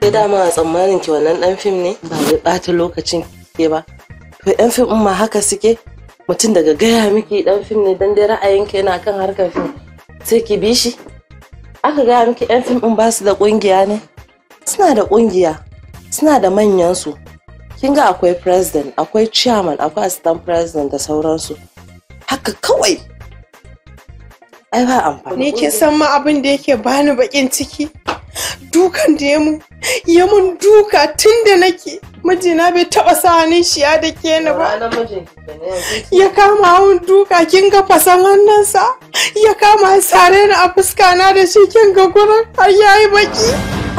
Ke dama a tsammanin ki wannan dan fim ne ba zai ɓata lokacin ke ba. To yan fim ma haka suke mutum daga gaya miki dan fim ne dan dai ra'ayin ra'ayinka yana kan harkar fim sai ki bi shi. Aka gaya miki yan fim ɗin ba su da ƙungiya ne? Suna da ƙungiya, suna da manyansu. Kin ga akwai president, akwai chairman, akwai assistant president da sauransu. Haka kawai ai ba amfani ni kin san ma abin da yake bani bakin ciki dukan da ya mun duka tun da nake mijina bai taba sa hannun shi ya da ke ni ba ya kama hawan duka kin ga fasan hannunsa ya kama sare ni a fuska na da shi kin ga gurin har yayi baki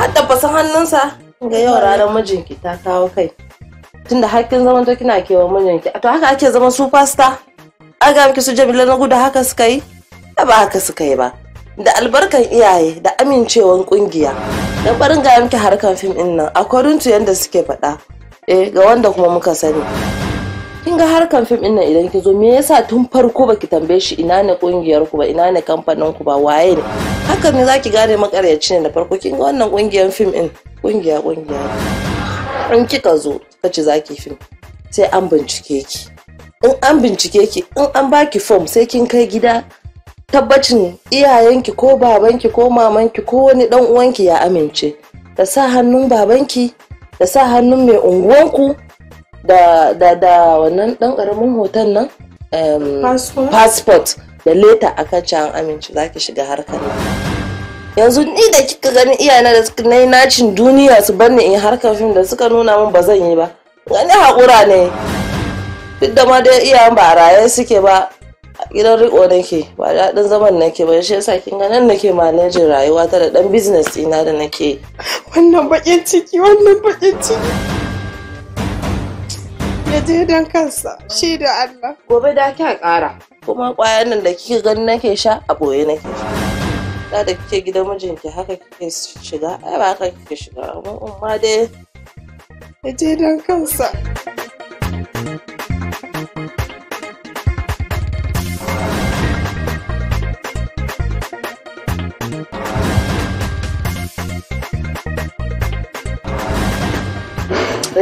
har da fasan hannunsa ga yau ranar mijinki ta kawo kai tunda har kin zama to kina kewa mijinki to haka ake zama superstar aga miki su jabila na gudu haka suka yi ba haka suka yi ba da albarkan iyaye da amincewan kungiya da barin ga yanke harkan fim din nan a to yadda suke faɗa eh ga wanda kuma muka sani kin ga harkan fim din nan idan ki zo me yasa tun farko baki tambaye shi ina ne kungiyar ku ba ina ne kamfanin ku ba waye ne haka ne zaki gane makaryaci ne da farko kin ga wannan kungiyar fim din kungiya kungiya in kika zo kace zaki fim sai an bincike ki in an bincike ki in an baki form sai kin kai gida tabbacin iyayenki ko babanki ko mamanki ko wani dan uwanki ya amince da sa hannun babanki da sa hannun mai unguwanku da da da wannan dan karamin hoton nan passport da leta a kan can amince zaki shiga harkar yanzu ni da kika gani iyana da suka nayi nacin duniya su banni in harkar fim da suka nuna min ba zan yi ba gani hakura ne duk da ma dai iyayen ba a raye suke ba gidan riko nake ba daɗin zaman nake ba shi yasa kin ganin nake manajin rayuwa ta da dan business ina da nake wannan bakin ciki wannan bakin ciki ya je dan kansa shi da Allah gobe da ka ƙara kuma ƙwayar nan da kike ganin nake sha a boye nake sha da kike gidan mijinki haka kike shiga ai ba haka kike shiga amma dai ya je dan kansa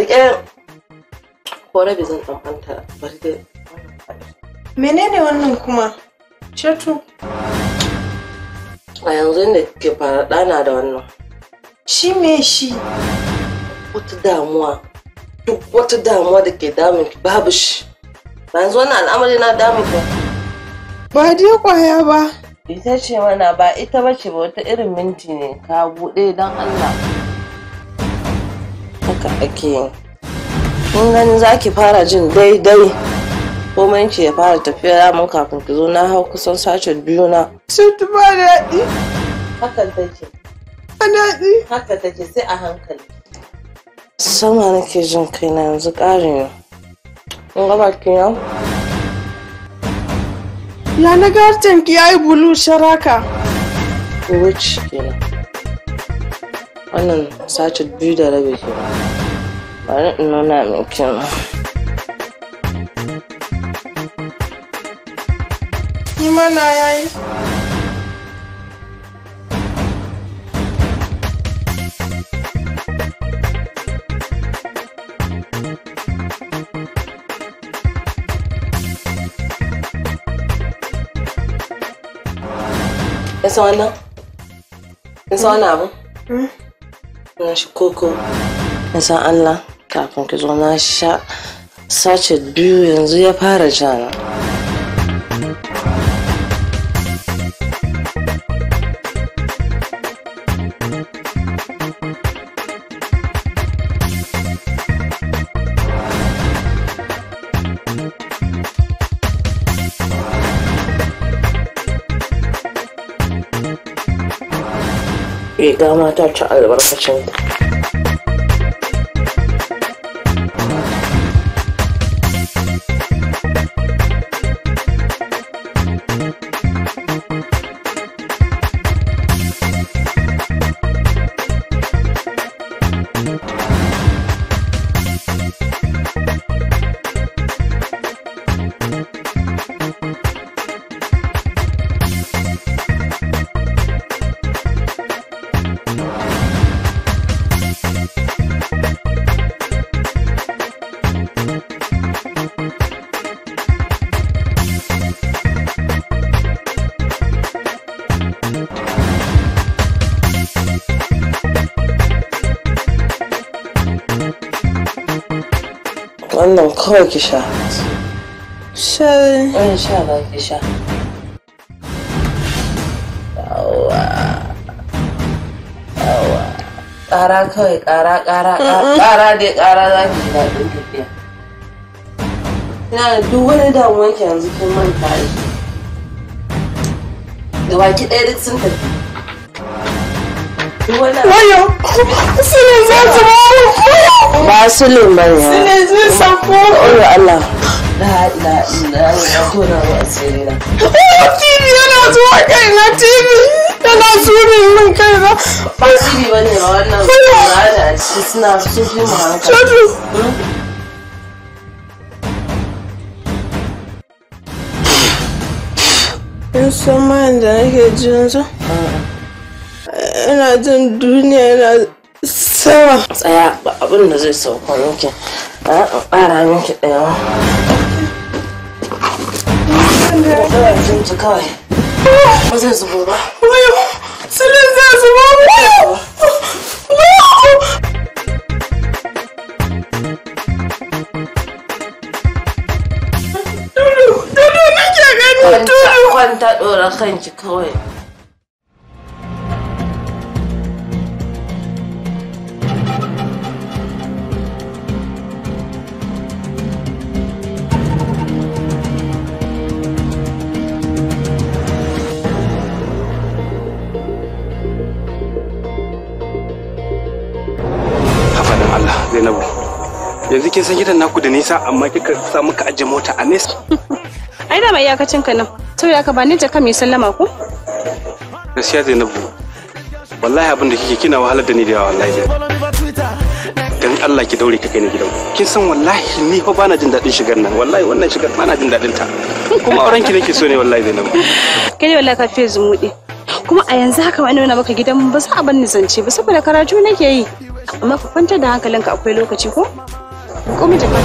ƙyar eh, ko zan bari menene wannan kuma cetu a yanzu ne ke fara ɗana da wannan shi me shi wata damuwa duk wata damuwa da ke damun ki babu shi ba yanzu wannan al'amari na damun ki ba dai kwaya ba ita ce mana ba ita ba ce ba wata irin minti ne ka buɗe don allah haka ake yi mun gani za ki fara jin daidai komai ki ya fara tafiya mun kafin ki zo na hau kusan sace biyu na shintu ba daɗi haka take a daɗi haka take sai a hankali sama nake jin na yanzu ƙarin yau mun gaba ki yau ya na gartan ki Ya yi bulu sharaka wuce kenan Wannan do biyu da rabi ke. Bari in nuna miki na. Ni na yayi. Esa wannan? wannan abu? Hmm? na shi koko san Allah kafin ki zo na sha sachet biyu yanzu ya fara jana. dama ta ci albarkacin wannan kawai ki sha sha wani ƙara kawai ƙara ƙara ƙara dai ƙara za ki ji daɗin tafiya na duk wani damuwanki ɗaya sun tafi Voyons. C'est les autres. Bah, c'est les meilleurs. C'est les autres, ça fout. Oh là là. لا لا لا ويعطونا رأسنا وكيف أنا أتوقع نتيجة أنا أزوري من كذا أسيبي بني روانا أنا أسنا شوفي معك شوفي Isso, mãe, daí, Redinza. Ah. ina jin duniya yana sama tsaya ba abin da zai sauka miki a ɓara miki ɗaya ba Kwanta ɗora kanki kawai. yanzu kin san gidan naku da nisa amma kika sa muka ajiye mota a nesa ai da mai iyakacin ka nan saboda ka ba ni jaka mai sallama ko gaskiya Zainabu wallahi abin da kike kina wahalar da ni da yawa wallahi dan Allah ki daure ka kai ni gidan kin san wallahi ni fa bana jin dadin shigar nan wallahi wannan shigar bana jin dadin ta kuma auren ki nake so ne wallahi Zainabu kai wallahi ka fi zumuɗi kuma a yanzu haka wani nuna maka gidan ba za a bar ni zance ba saboda karatu nake yi amma ka kwanta da hankalinka akwai lokaci ko Ko min zama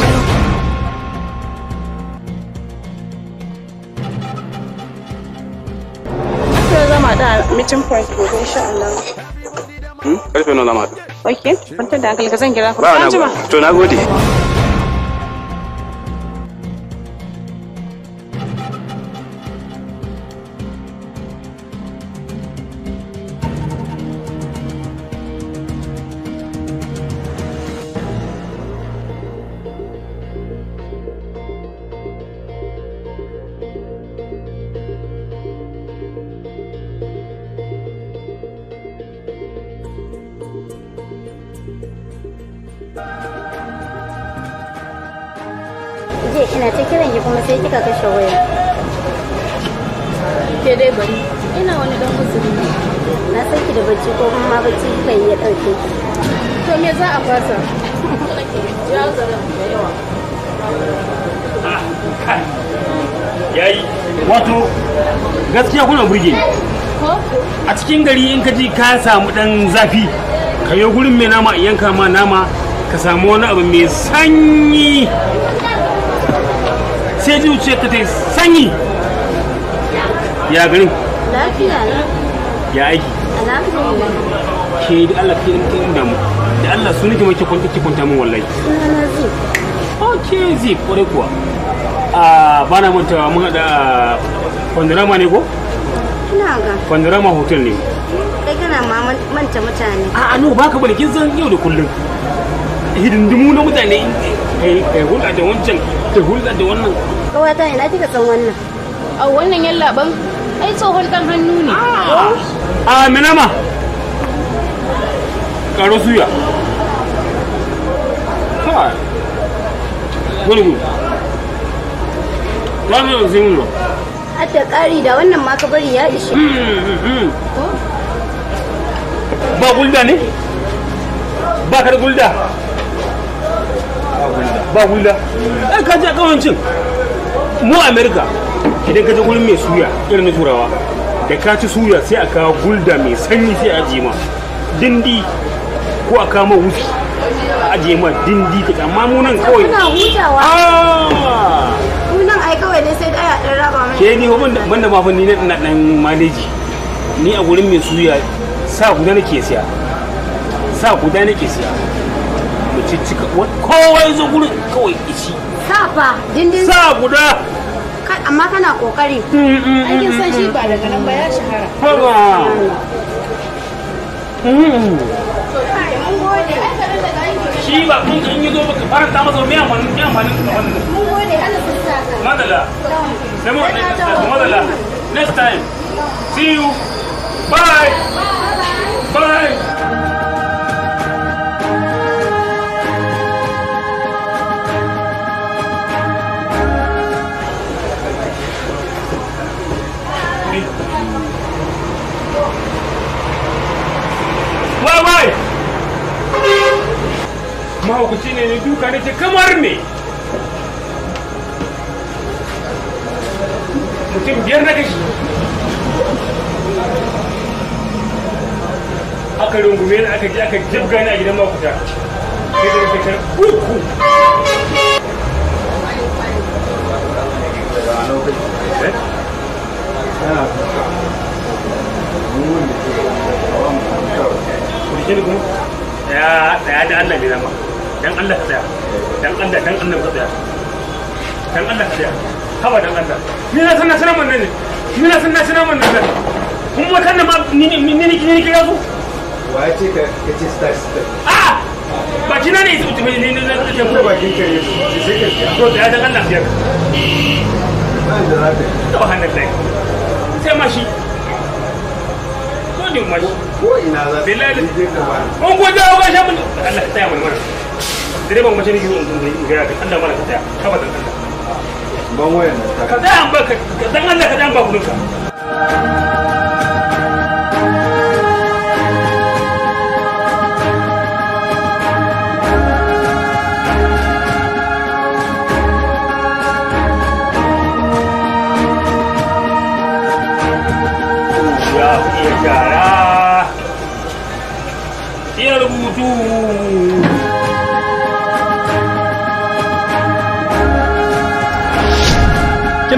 meeting point gobe insha Allah. Hmm? Karfe nawa mata. ok kwantar da hankali ka zan gira ku. Ba na to na gode. kina ta kiran kuma sai kika kashe waya ke dai bari ina wani dan musulmi na san ki da bacci ko kuma ma bacci kika yi ya dauke to me za a fasa ya uzuri da yawa yayi wato gaskiya kuna burge ni a cikin gari in ka ji ka samu dan zafi ka yi gurin mai nama yanka ma nama ka samu wani abu mai sanyi sai zuciya ka ta yi sanyi ya garin ya aiki ke da Allah ke ke inda mu da Allah su nake mai kikon kike kunta mun wallahi ok zi kwarai kuwa a bana manta mun hada kwandirama ne ko ina ga kwandirama hotel ne kai kana ma manta mutane a no baka bane kin san yau da kullum hidindimu na mutane kai hulɗa da wancan kai hulɗa da wannan kawata ina kika san wannan a wannan laban. ai tsohon dan hannu ne a ah! ah, minama karo suya gurgu wani yau zai nuna hatta ƙari da wannan ma ka bari ya ishe hmm, hmm, hmm. ba gulda ne ba ka gulda ba hula ai eh, ka ji a kawancin mu america idan ka je gurin mai suya irin turawa da ka ci suya sai a kawo gulda mai sanyi sai a jima ma dindi ko a kama wufi a jima ma dindi ka amma mu nan kawai muna hutawa mu ah! nan ai kawai ne sai daya dan raba mai ke ni ko banda ma ne ni na dan maleji ni a gurin mai suya sa guda nake siya sa guda nake siya mu ciccika kowa ya zo gurin kawai ishi sa fa dindin sa guda amma kana san mm, mm, mm, shi ba daga nan ba ya shahara ba shi ba kun in yi zo baka faranta masa mai amfani mai da wannan next time see you bye bye, bye. ku ne ni duka nake kamar me mutum biyar na kashi aka rungume na aka ji aka jibga ni a gidan makuta sai da fitar uku eh? Ya, da Allah ne zama. dan Allah ka tsaya dan Allah dan Allah ka tsaya dan Allah ka tsaya haba dan Allah ni na san na mun ne ni na san na mun ne kun wata nan ma ni ni ni ni su waye ce ka ka ce star star a ah! ba kina ne su mutum ne ne na ce ko ba kin kare su sai ka to da dan Allah ka tsaya da zaka to ne dai sai ma ko ne ma ko ina za ta bilal on ko jawo ga shi mun Allah ya tsaya mun wannan direban mace ne yi mun zunzai mu gaya ka Allah mana ka tsaya ka ba kanka ban wayan ka tsaya an ba ka dan Allah ka ba kuɗin ka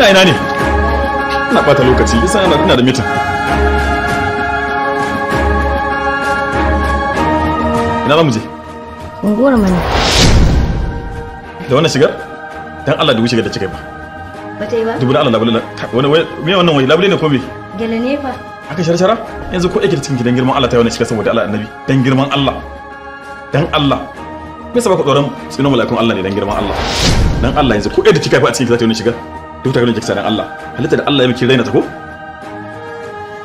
kana ina ne ina bata lokaci isa ina da mitin ina za mu je unguwar mani da wannan shigar dan Allah da wuce da cikai ba bata yi ba dubu da Allah labule wani me wannan wai labule ne ko me gele ne fa aka sharshara yanzu ko ake cikin gidan girman Allah ta yi wannan shigar saboda Allah annabi dan girman Allah dan Allah me yasa ba ku tsoron sunan mala'ikun Allah ne dan girman Allah dan Allah yanzu ko da kika ba a cikin za ta yi wannan shigar duk ta ganin kisa dan Allah halitta da Allah ya miki raina ta ko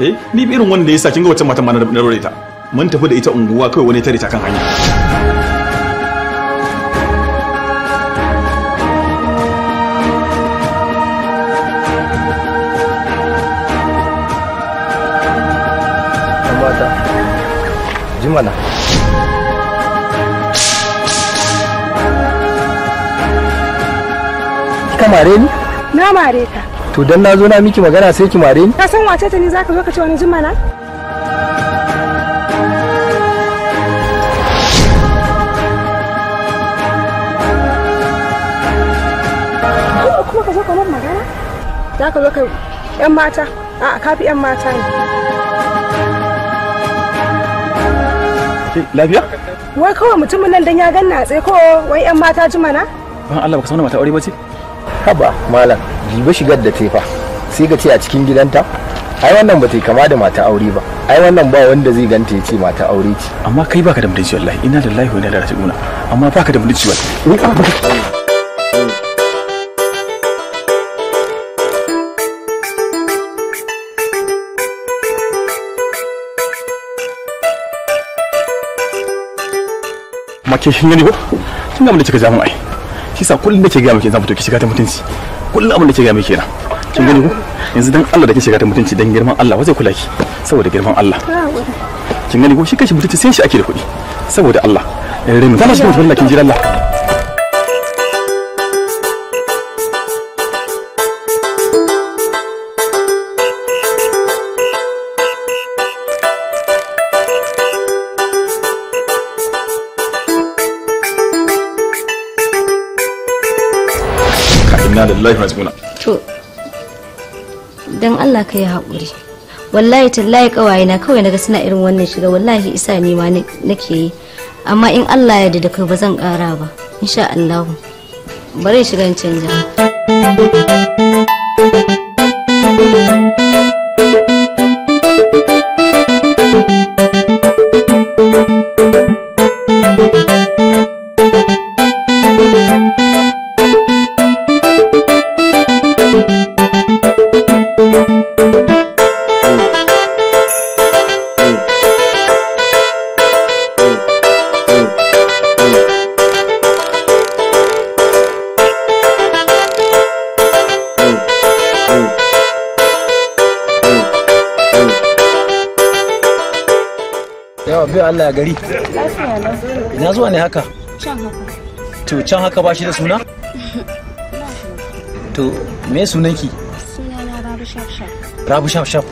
eh ni bi irin wanda yasa kin ga wacce matan ma na rore ta mun tafi da ita unguwa kawai wani tare ta kan hanya Jimana? Kamare na mare ka to dan na zo na miki magana sai ki mare ni ka san wace ta ni zaka zo ka ce wani jumala kuma ka zo ka magana za ka zo ka yan mata a kafi yan mata ne lafiya wai kawai mutumin nan dan ya ganna tsaye ko wai yan mata jimana ban Allah baka san mata aure ba ce haba malam jibe shigar da tefa sai ka ce a cikin gidanta ai wannan ba ta kama da mata aure ba ai wannan ba wanda zai ganta ya ce mata aure ce amma kai baka da mutunci wallahi ina da lahi wani da rasuluna amma baka da mutunci wallahi makin shi ne ko kin ga mun da kika ja ai kisa kullum nake ga miki zan fito ki shiga ta mutunci kullum abin da ke ga miki kenan kin gani ko yanzu dan Allah da ke shiga ta mutunci dan girman Allah wa zai kula ki saboda girman Allah kin gani ko shi kashi mutunci sai shi ake da kuɗi saboda Allah remu tana mutunci kin jira Allah raji'una to dan Allah ka yi haƙuri wallahi tallahi kawai na kawai naga suna irin wannan shiga wallahi isa ne ma nake yi amma in Allah ya da kai ba zan ƙara ba insha Allah bare shiga canja yawa biyu Allah ya gari ina zuwa ne haka to can haka ba shi da suna to me sunan ki rabu shaf shaf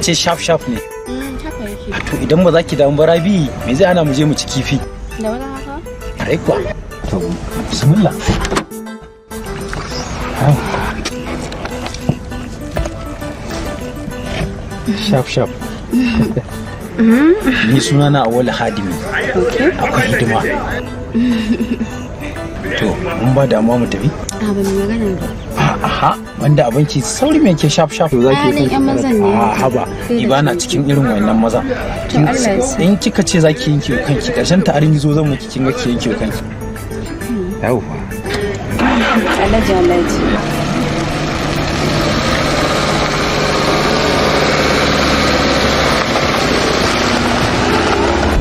ce mm. shaf shaf ne mm, to idan ba za ki damu ba rabi me zai ana mu je mu ci kifi da wani haka to bismillah shaf shaf Mm-hmm. ni suna na awali hadimi akwai hidima to mun ba damuwa mu tafi ah, a magana ba aha wanda abinci sauri mai ke shaf shaf za zaki yi a ah, haba ni ba na cikin irin wannan maza in kika ce za ki yanke kanki karshen ta arin zo zan miki kin ga ki yanke kanki yawwa alaji alaji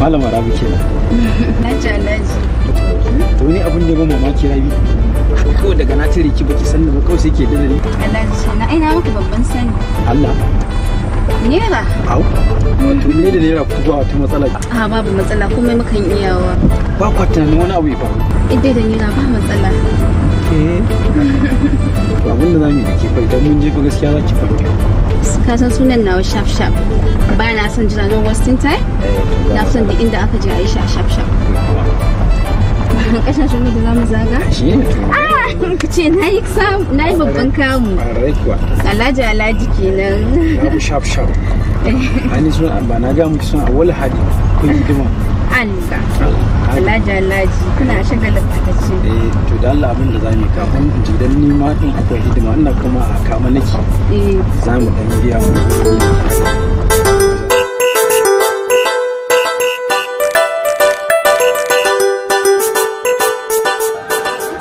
malama rabi kenan naji alhaji to ni abin da ba mamaki rabi Ko daga na tare ki baki sanna ba kawai sai ke dare alhaji na aina maka babban sani Allah Nera. Au. Wato ne da nera ku ba wata matsala. Ah babu matsala komai mukan iyawa. Ba kwa tunanin wani abu ba. Idda da nera ba matsala. Eh. mun da zamu yi da fa idan mun je ku gaskiya za ki farka. kasan san sunan nawa shaf shaf ba na son jira don wasting time na son duk inda aka je a yi shi a shaf shaf kashin shi da zamu zaga shi ne ah, ku ce na yi na yi babban kamu alaji alaji kenan na shaf shaf ani suna ba na ga mu suna awwal hadi kun yi dima Allah alhaji alhaji kuna shagalin fatacce eh to da Allah abin da za mu kafin idan ni ma in akwai hidima ina kuma a kama nake eh za mu dan biya mu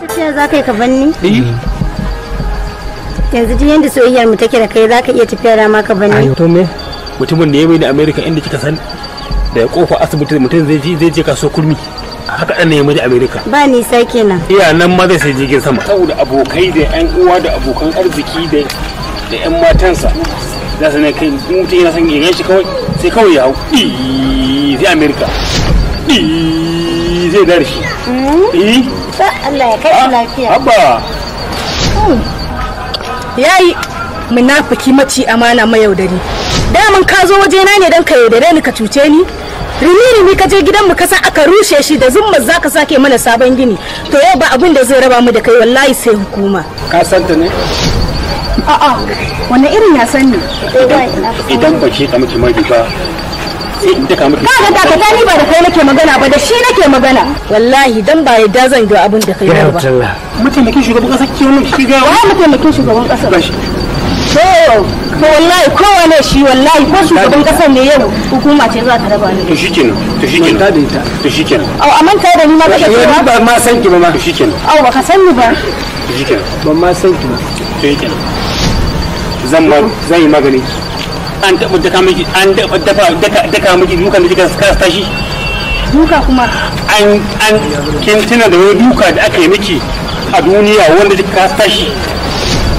tafiya za ka yi ka banni? Eh. yanzu duk yadda soyayyar mu take da kai za ka iya tafiya da ma ka banni? to me mutumin da ya bai da america inda kika san da ya kofa asibiti mutum zai je kaso kurmi haka ɗan nemi da amerika ba nisa kenan iya nan ma zai sai jirgin sama saboda abokai da yan uwa da abokan arziki da da yan matansa za su ne kai mutum yana son ya shi kawai sai kawai ya hau zai amerika zai dar shi mm-hmm. Allah ya kai ah, lafiya haba hmm. yayi munafiki maci amana mayaudari daman ka zo wajena ne don ka yaudare ni ka cuce ni rini ka je gidan mu kasa aka rushe shi da zumma zaka sake mana sabon gini to yau ba abin da zai raba mu da kai wallahi sai hukuma ka san ta ne a'a wani irin ya san ne idan ba shi ka miki magi ba ka ga daga ta ni ba da kai nake magana ba da shi nake magana wallahi dan ba yadda zan ga abin da kai ba da kin shugaban kasa ki wannan ki ga wa da kin shugaban kasa to wallahi kowane shi wallahi ko shugaban kasar ne yau hukuma ce za ta raba ni to shikenan to shikenan ta dinta to shikenan au amma kai da ni ma kake cewa ba ma san ki ba ma to shikenan au baka san ni ba to shikenan ban ma san ki ba to shikenan zan ba zan yi magani an taba daka miki an taba dafa daka daka miki duka da kika kasta shi duka kuma an an kin tuna da wani duka da ake miki a duniya wanda kika kasta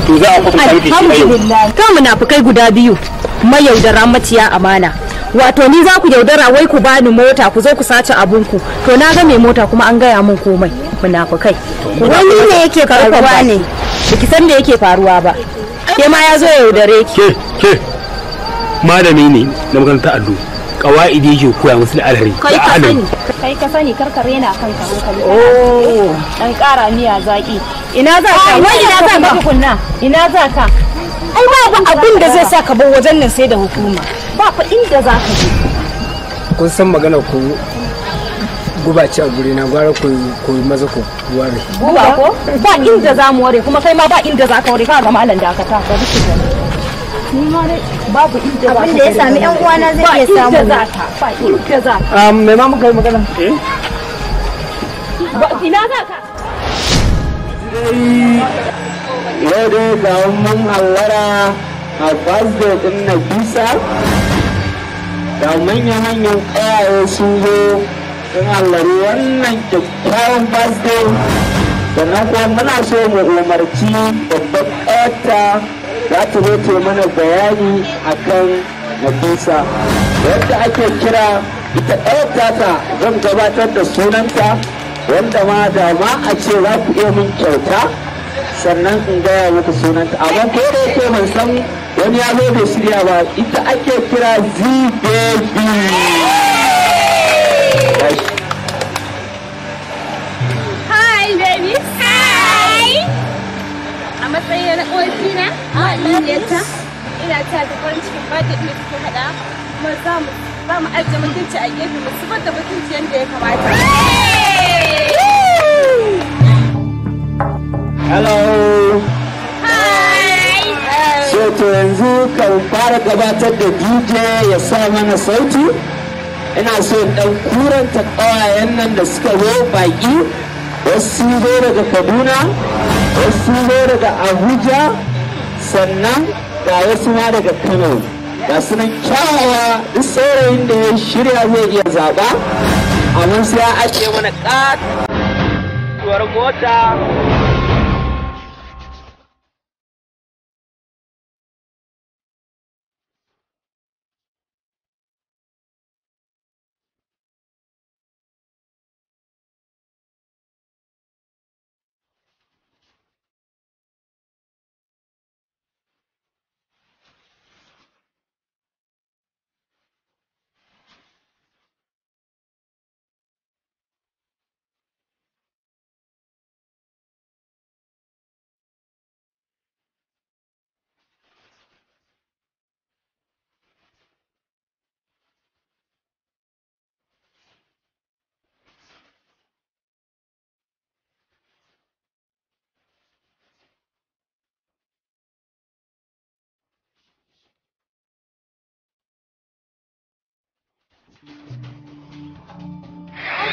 to za a kwatanta miki shi alhamdulillah kan munafukai guda biyu mayaudara maciya amana wato ni za ku yaudara wai ku bani mota ku zo ku sace abunku to na ga mai mota kuma an gaya min komai munafukai wani ne yake faruwa ne ki san me yake faruwa ba ke ma ya zo yaudare ki ke ke malami ne na makaranta allo kawaidi yake koya musu da alhari kai ka sani sai ka sani karkare na kan ka hankali oh. dan kara miya zaki ina za ka ah, wai ina za ka kunna ina za ka ai ba abin da zai sa ka bar wajen nan sai da hukuma ba fa inda za ka je kun san magana ku guba ce a guri na gwara ku ku maza ku ware guba ko ba inda za mu ware kuma kai ma ba inda za ka ware ka ga malam dakata ka bi babu abin da ya sami yan uwana zai iya samu ba inda za ka um, magana eh? ina za ka yau ga mun hallara a fasdo din na bisa da manyan hanyar kayaye sun zo sun hallari wannan kyakkyawan muna so mu umarci babbar za ta zo mana bayani akan nafisa wanda ake kira ita ɗaya tata zan gabatar da sunanta wanda ma da ma a ce za ku iya min kyauta sannan in gaya muku sunanta amma ko da yake ban san wani ya zo bai shirya ba ita ake kira zibebi matsayi na a ma'aikata ina ta da farin cikin ba da iya suke haɗa kuma za mu za mu ajiye mutunci a gefe mu zubar da mutunci yadda ya kamata. Hello. Hi. to yanzu kan fara gabatar da DJ ya sa mana sauti. Ina so ɗan kuranta ƙawayen nan da suka zo baƙi wasu zo daga Kaduna. wasu ne daga abuja sannan ga wasu ma daga kano ga sunan kyawawa duk saurayin da ya shirya zai iya zaɓa amma sai ya ake mana ƙatuwar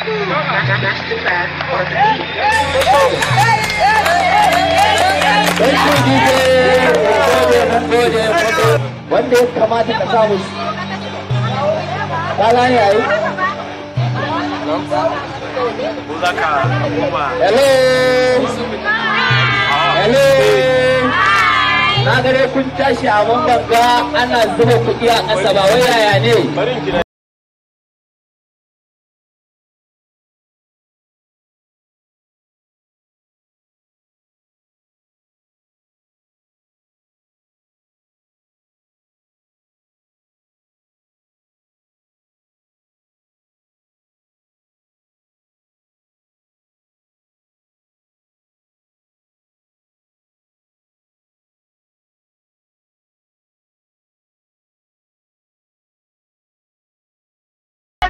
That's too bad. Wanda ya kamata ka samu ya yi? Na gare kun tashi a ganga ana zuba kuɗi a ƙasa ba wai yaya ne.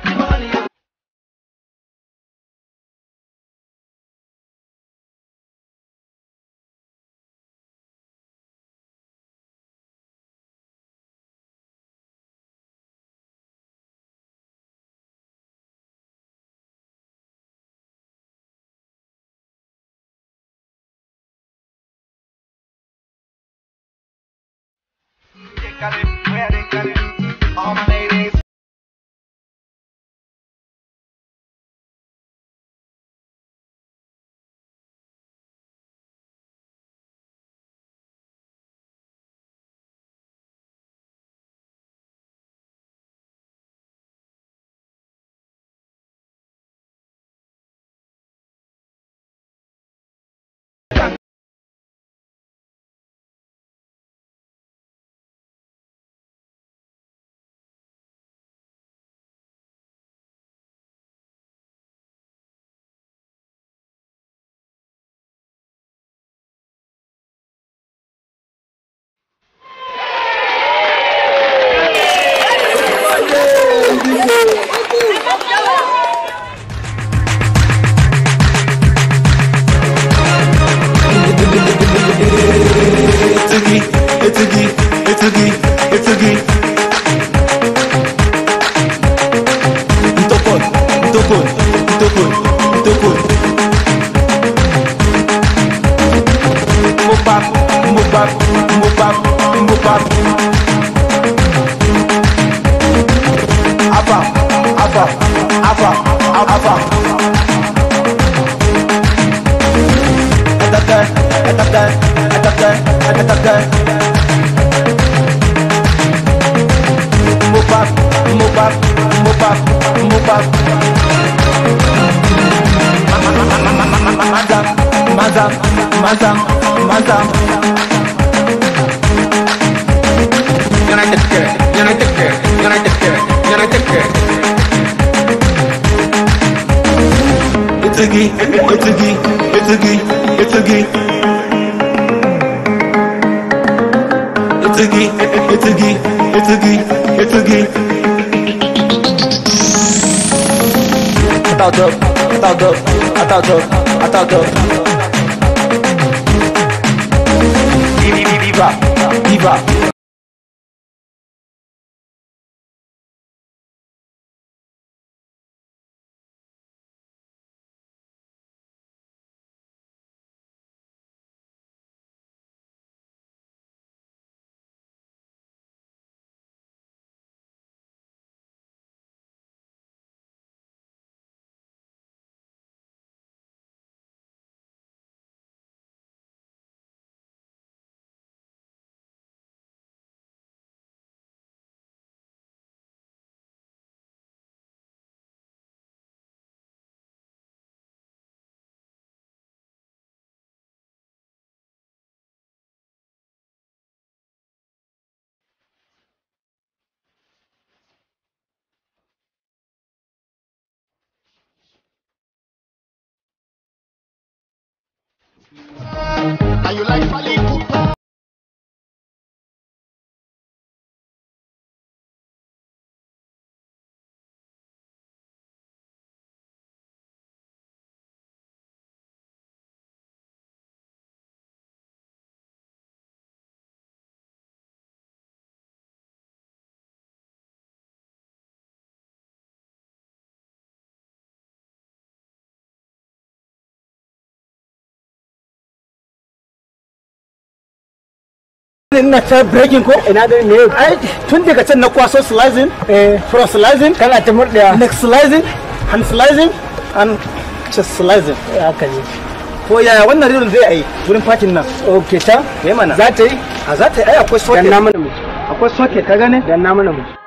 matrimonio. Mazam, mazam, mazam, mazam. It's a gig. it's a gig. it's a gig. it's a gig. Itigi, Itigi, Itigi, Itigi. Atau dog, atau dog, atau dog, atau dog. Viva, viva, viva. Are you like Fali? ina ta breaking ko ina da ne ai tun daga can na kwaso slicing eh from slicing kana ta murda next slicing hand slicing and chest slicing ya eh, ne ko yaya wannan rilin zai yi wurin fatin nan okay ta yayi mana za ta yi a za ta yi ai akwai socket dan na mana mu akwai socket ka gane dan na mana mu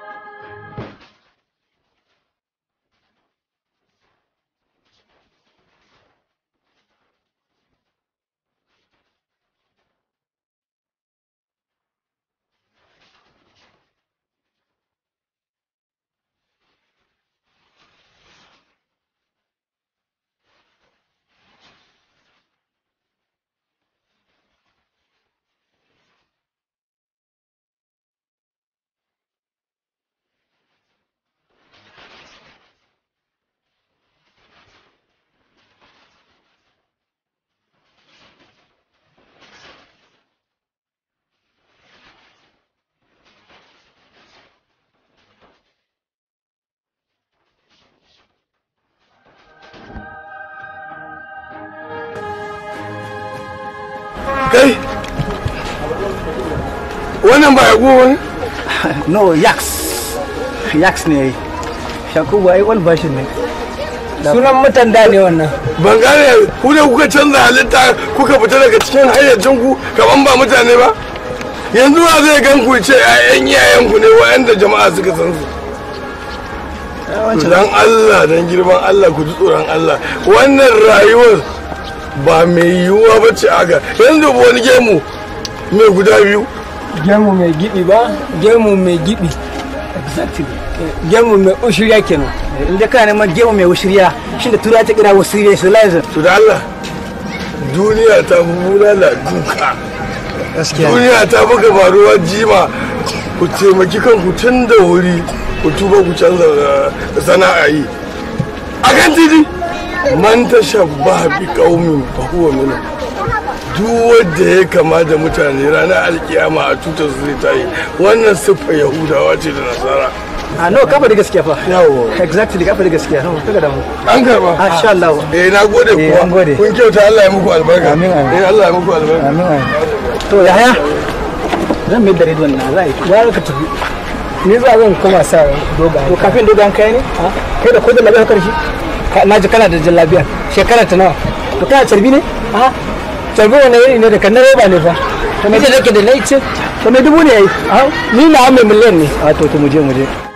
kai wannan ba ya goma no yaks yaks ne yakubu ai wani bashin ne sunan mutanda ne wannan ban gane ku da kuka canza halitta kuka fita daga cikin hayyacin ku kaman ba mutane ba yanzu wa zai gan ku ce ƴaƴan iyayen ku ne wa'anda jama'a suka san su dan Allah dan girman Allah ku ji tsoron Allah wannan rayuwar ba mai yiwuwa ba ce aga yanzu wani gemu mai guda biyu gemu mai gibi ba gemu mai gibi exactly gemu mai ushiriya kenan inda kana neman gemu mai ushiriya shi da tura ta kira wasu wasiriya salizer su da Allah duniya ta bubula da duka duniya ta buga faruwar jima ku taimaki kanku tun da wuri ku tuba ku canza eh, sana'a yi a kan titi man tashabba bi kaumin fa huwa minhum duk wanda ya kama da mutane ranar alkiyama a tutar su zai tayi wannan siffa yahudawa ce da nasara a ah, no kafa da gaskiya fa yawo exactly kafa da gaskiya no kaga da mu an karba ah, insha Allah eh na gode kuwa eh, kun kyauta Allah ya muku albarka amin amin. eh Allah ya muku albarka amin amin. to yaya zan mai da ridwan na zai ya ka tafi ni za zan kuma sa doga to kafin dogan kai ne ah, kai da kodin da zaka karshe na ji kana da jallabiya shekara ta nawa to kana carbi ne a carbi wani iri ne da kan roba ne fa to me da nake da laice to me dubu ne yayi ni na mai miliyan ne a to to mu je mu je